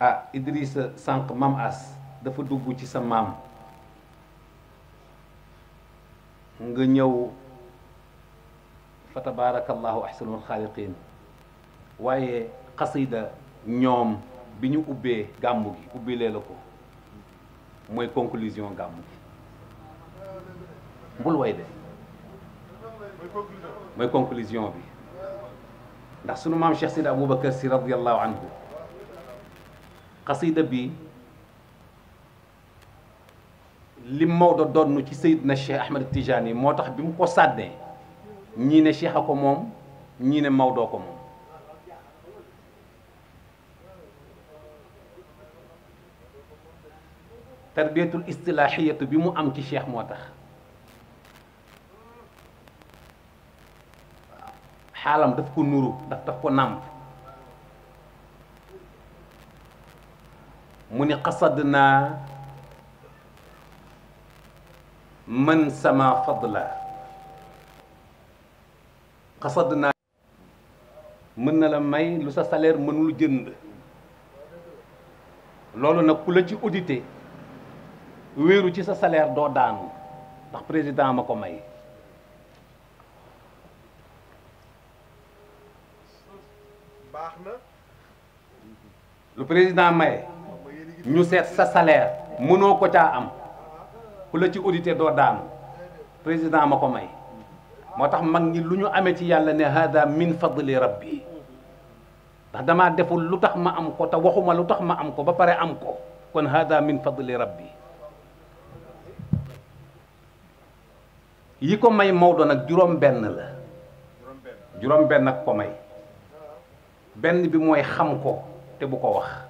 ah Idrissa sànq maam as dafa dugg ci sa maam nga ñëw fa tabarakallahu ahsanul xaaliqin waaye xasida ñoom bi ñu ubbee gàmmu gi ubbi lee la ko mooy conclusion gàmmu gi bul way de mooy conclusion bi ndax sunu maam Cheikh Sidi Aboubacar si radiallahu anhu xasida bi li Maodo donn ci Seydina Cheikh Ahmed Tidiane yi moo tax bi mu ko sàddee ñii ne Cheikh a ko moom ñii ne Maodo ko moom tarbiyatul istilaaxiyatu bi mu am ci Cheikh moo tax xaalam daf ko nuru daf daf ko nàmp mu ni xasad naa man sama fadla xasad naa mën na la may lu sa salaire mënul jënd loolu nag ku la ci audité wéeru ci sa salaire doo daanu ndax président ma ko may baax na lu président maye ñu seet sa salaire mënoo ko caa am ku la ci auditer doo daanu président ma ko may moo tax mag ñi lu ñu amee ci yàlla ne hada min fadli rabbi ndax damaa deful lu tax ma am ko te waxuma lu tax ma am ko ba pare am ko kon hada min fadli rabbi yi ko may Maodo nag juróom benn la juróom benn ak ko may benn bi mooy xam ko te bu ko wax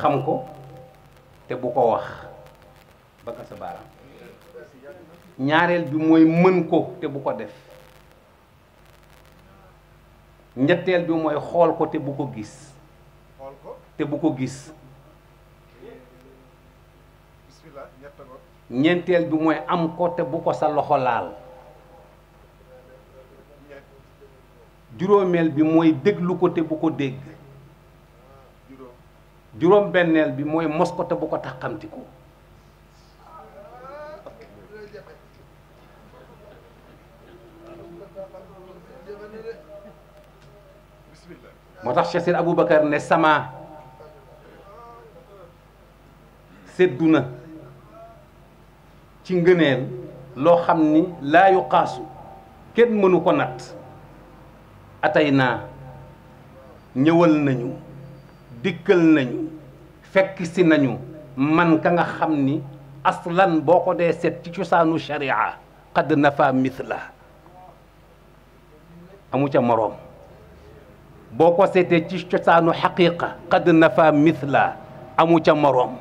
xam ko te bu ko wax bëgg ñaareel bi mooy mën ko te bu ko def ñetteel bi mooy xool ko te bu ko gis te bu ko gis ñeenteel bi mooy am ko te bu ko sa loxo laal juróomeel bi mooy déglu ko te bu ko dégg juróom benneel bi mooy mos ko te bu ko taxamtiku moo tax Cheikh Seydou Aboubacar ne sama seddu na ci ngëneel loo xam ni laa xaasu kenn mënu ko natt atey naa ñëwal nañu dikkal nañu fekk si nañu man ka nga xam ni aslan boo ko dee seet ci cosaanu sharia qad nafa mithla amu ca moroom boo ko seetee ci cosaanu xaqiqa qad nafa mithla amu ca moroom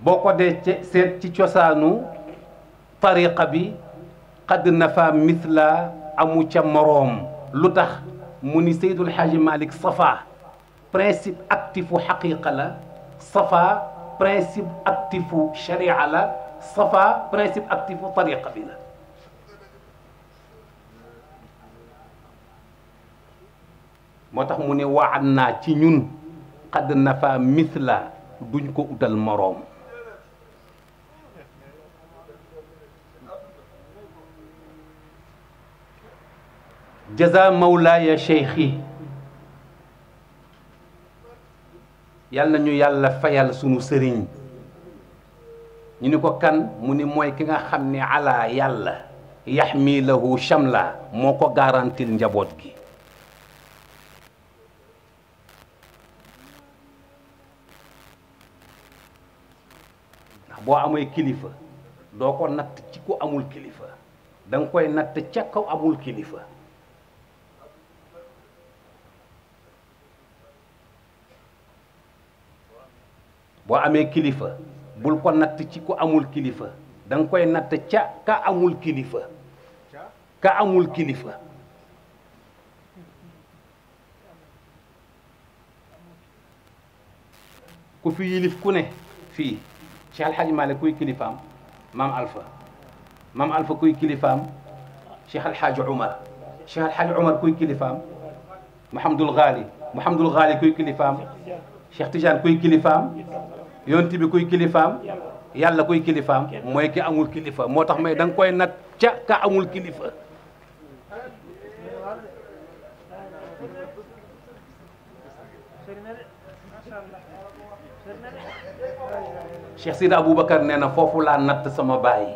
boo ko dee seet ci cosaanu tariqa bi qad nafa mithla amu ca moroom lu tax mu ni Seydul Xaaji Malik Safa principe actifu xaqiqa la safa principe actifu sharia la safa principe actifu tariqa bi la moo tax mu ne waan naa ci ñun xadd nafa misla duñ ko utal moroom jaza mawlaaya cheikhi yal nañu yàlla fayal sunu sëriñ ñu ni ko kan mu ni mooy ki nga xam ni ala yàlla yaxmi lahu chamla moo ko garantil njaboot gi ndax boo amee kilifa doo ko natt ci ku amul kilifa da koy natt ca kaw amul kilifa boo amee kilifa bul ko natt ci ku amul kilifa da koy natt ca ka amul kilifa ka ku fi yilif ku ne fii Cheikh El Hadj kuy kilifaam maam Alpha kuy kilifaam Cheikh El Hadj kuy kilifaam Mouhamadul Ghali Mouhamadul kuy kilifaam Cheikh Tidiane kuy kilifaam yonti bi kuy kilifaam yàlla kuy kilifaam mooy ki amul kilifa moo tax may da koy nat ca ka amul kilifa Cheikh Sidi Aboubacar nee na foofu laa natt sama baay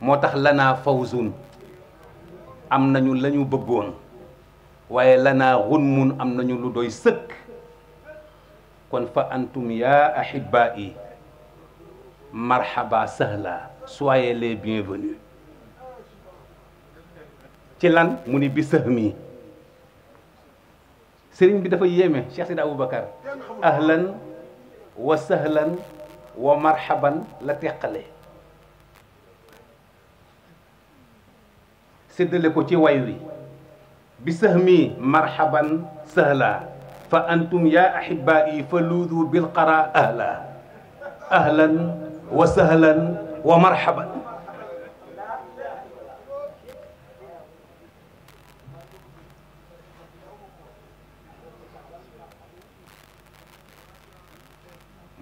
moo tax lanaa fawzun am nañu la ñu bëggoon waaye lanaa xunmun am nañu lu doy sëkk kon fa antum ya ahibai marhaba sahla soyez les bienvenus ci lan mu ni bi sahmi sëriñ bi dafa yéeme Cheikh Sidi Aboubacar ahlan wa sahlan wa marhaban la teqale séddale ko ci way wi bi sahmi marhaban sahla fa antum yaa ahibaai fa luudu bilqara ahla ahlan wa sahlan wa marhaban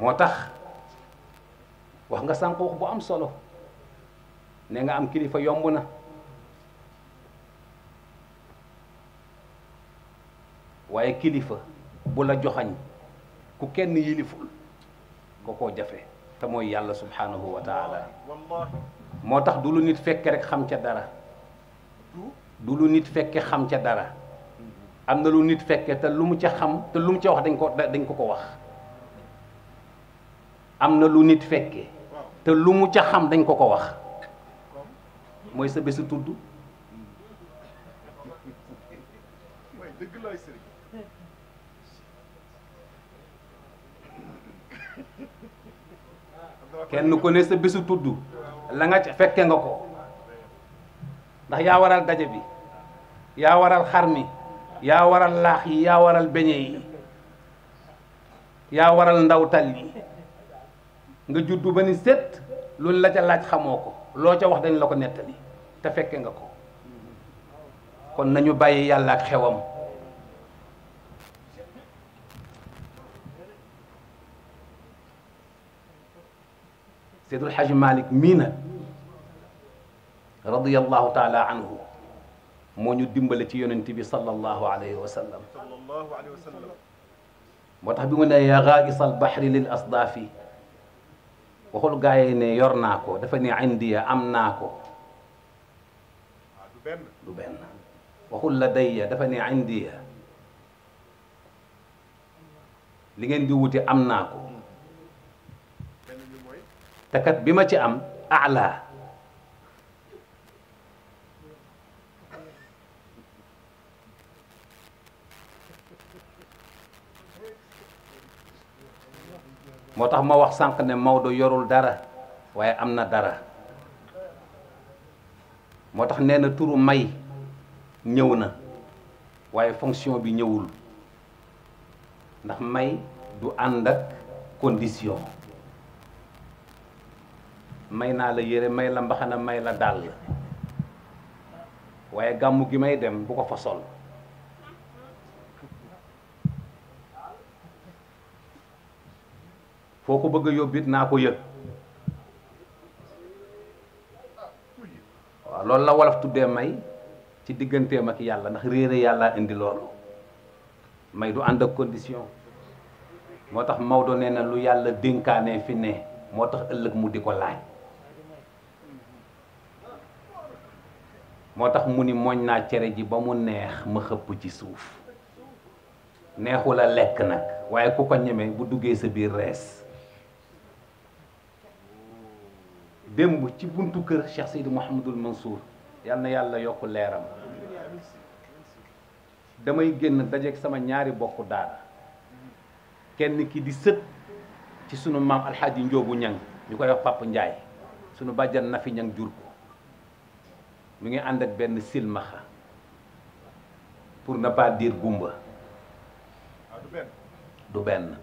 moo tax wax nga sànq wax bu am solo ne nga am kilifa yomb na waaye kilifa bu la joxañ ku kenn yiliful ko koo jafe te mooy yàlla subhanahu wa taala moo tax du lu nit fekke rek xam ca dara du lu nit fekke xam ca dara am na lu nit fekke te lu mu ca xam te lu ca wax dañ ko dañ ko ko wax am na lu nit fekke te lu mu ca xam dañ ko ko wax mooy sa bésu tudd kenn ku ne sa bésu tudd la nga ca fekke nga ko ndax yaa waral daje bi yaa waral xar ni yaa waral laax yi yaa waral beñe yi yaa waral ndawtal yi nga juddu ba ni set luñ la ca laaj xamoo ko loo ca wax dañ la ko nettali te fekke nga ko kon nañu bàyyi yàlla ak xewam Seydul Xaji Malick mii na radiyallahu taala anhu moo ñu dimbale ci yonent bi sallallahu alayhi wa sallam moo tax bi mu ne yaa gaaisal baxri lil asdaafi waxul gaa yi ne yor naa ko dafa ne indiya am naa ko ah, du benn waxul la dayya dafa ne indiya li ngeen di wuti am naa ko te bi ma ci am ala moo tax ma wax sànq ne Maodo yorul dara waaye am na dara moo tax nee na turu may ñëw na waaye fonction bi ñëwul ndax may du ànd ak condition may naa la yére may la mbaxana may la dàll waaye gàmmu gi may dem bu ko fa sol foo ko bëgg a yóbbit naa ko yëg waaw loolu la wolof tuddee may ci digganteem ak yàlla ndax réere yàlla indi loolu may du ànd ak condition moo tax Maodo nee na lu yàlla dénkaane fi ne moo tax ëllëg mu di ko laaj moo tax mu ni mooñ naa cere ji ba mu neex ma xëpp ci suuf neexul a lekk nag waaye ku ko ñeme bu duggee sa biir rees démb ci buntu kër Cheikh Seydi Mouhamadul Mansour yal na yàlla yokk leeram damay génn dajeeg sama ñaari bokk daara kenn ki di sët ci sunu maam alxaaji Njoobu Ñang ñu ko wax Papa Njaay sunu bàjjan nafi ñan Ñang jur ko mi ngi ànd ak benn silmaxa pour ne pas gumba ah, du benn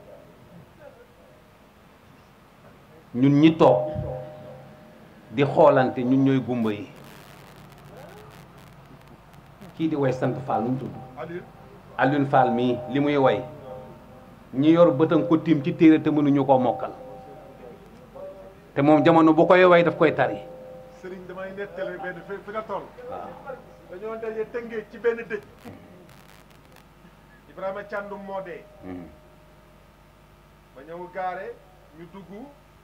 ñun ñi toog di xoolante ñun ñooy gumba yi kii di woy sant Fall nu tudd Alioune Fall mii li muy woy ñi yor bëtan ko tiim ci téere te mënuñu koo mokkal te moom jamono bu koy way daf koy tari sëriñ damay nettali benn fi fi nga toll. Ah. dañoo daje tëngee ci benn dëj. Ibrahima Thiandoum moo dee. Hmm. ma ñëw gaare ñu dugg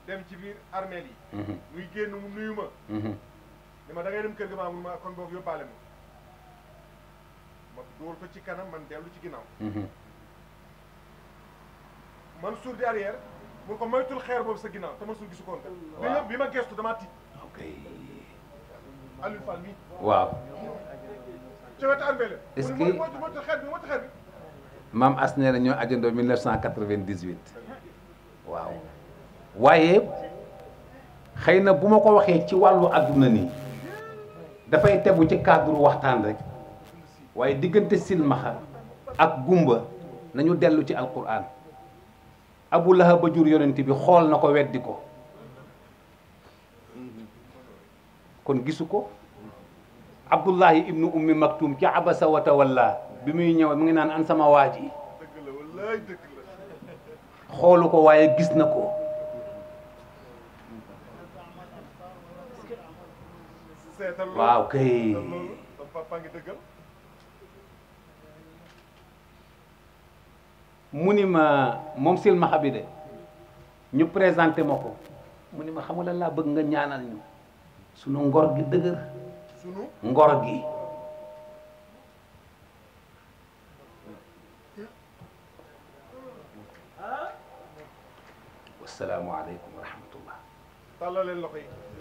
dem ci biir armeel yi. Hmm. muy génn mu nuyu ma. Hmm. ni ma da dem kër ga maa mun ma kon boobu yóbbaale ma. ma dóor ko ci kanam man dellu ci ginnaaw. man suur di arrière mu ko moytul xeer boobu sa ginnaaw te man suur gisu koon kat. bi ma gestu damaa tiit. waaw. est ce que maam as nee na ñoo ajandoo 1998 waaw waaye xëy na bu ma ko waxee ci wàllu adduna nii dafay tegu ci cadre waxtaan rek waaye diggante silmaxa ak gumba nañu dellu ci alquran abu lahab ba jur yonent bi xool na ko weddi ko. kon gisu ko abdullahi ibnu ummi maktum ci abasa wa tawalla bi muy ñëw mu ngi naan an sama waa ji xoolu ko waaye gis na ko waaw kay mu ni ma moom silmaxa bi de ñu présenté ma ko mu ni ma xamula laa bëgg nga ñaanal ñu sunu ngor gi dëgër sunu ngor gi wasalaamu aleykum wa rahmatullah tàllaleen loxo yi